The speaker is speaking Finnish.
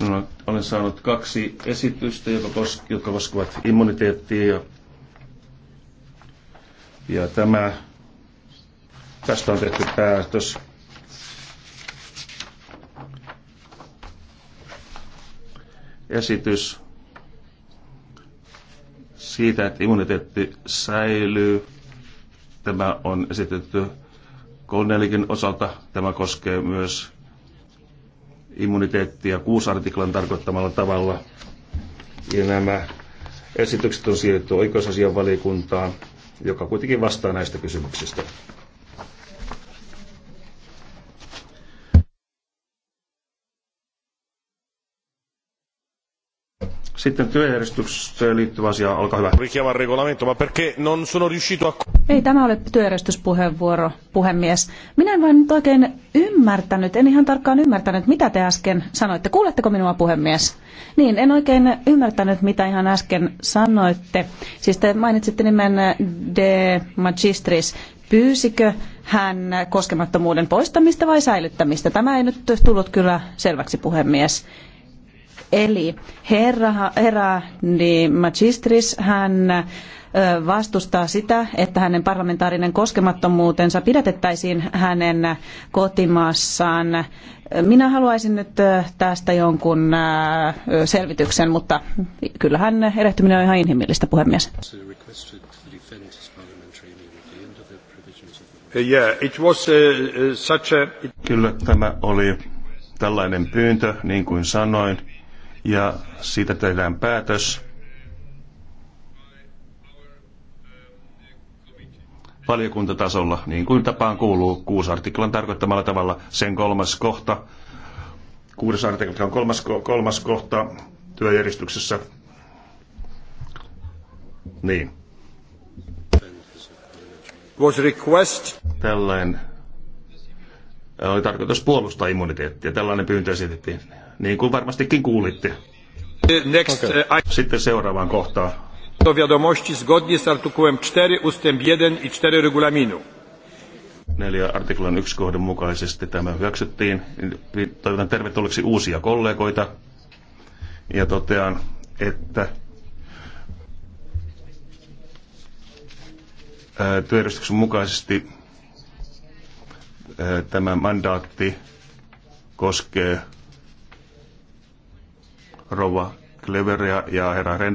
No, olen saanut kaksi esitystä, jotka koskevat immuniteettia ja, ja tämä, tästä on tehty päätös. Esitys siitä, että immuniteetti säilyy. Tämä on esitetty Kolnelikin osalta. Tämä koskee myös immuniteettia kuusartiklan tarkoittamalla tavalla. Ja nämä esitykset on siirretty oikeusasianvaliokuntaan, joka kuitenkin vastaa näistä kysymyksistä. Sitten työjärjestykseen liittyvä asia, olkaa hyvä. Ei tämä ole työjärjestyspuheenvuoro, puhemies. Minä en vain nyt oikein ymmärtänyt, en ihan tarkkaan ymmärtänyt, mitä te äsken sanoitte. Kuuletteko minua, puhemies? Niin, en oikein ymmärtänyt, mitä ihan äsken sanoitte. Siis te mainitsitte nimen eh, de magistris. Pyysikö hän koskemattomuuden poistamista vai säilyttämistä? Tämä ei nyt tullut kyllä selväksi, puhemies. Eli herra, herra Di Magistris, hän vastustaa sitä, että hänen parlamentaarinen koskemattomuutensa pidätettäisiin hänen kotimaassaan. Minä haluaisin nyt tästä jonkun selvityksen, mutta kyllähän erehtyminen on ihan inhimillistä, puhemies. Uh, uh, Kyllä tämä oli tällainen pyyntö, niin kuin sanoin ja siitä tehdään päätös valiokuntatasolla, niin kuin tapaan kuuluu kuusi artiklan tarkoittamalla tavalla sen kolmas kohta. Kuudes artikla on kolmas, kolmas kohta työjärjestyksessä. Niin. Was request. Tällainen oli tarkoitus puolustaa immuniteettia. Tällainen pyyntö esitettiin, niin kuin varmastikin kuulitte. Next, okay. Sitten seuraavaan kohtaan. To wiadomości zgodnie z artykułem 4 ustęp 1 i 4 regulaminu. Neljä artiklan yksi kohdan mukaisesti tämä hyväksyttiin. Toivotan tervetulleeksi uusia kollegoita ja totean, että työjärjestyksen mukaisesti Eh, tämä mandaatti koskee Rova Cleveria ja herra Ren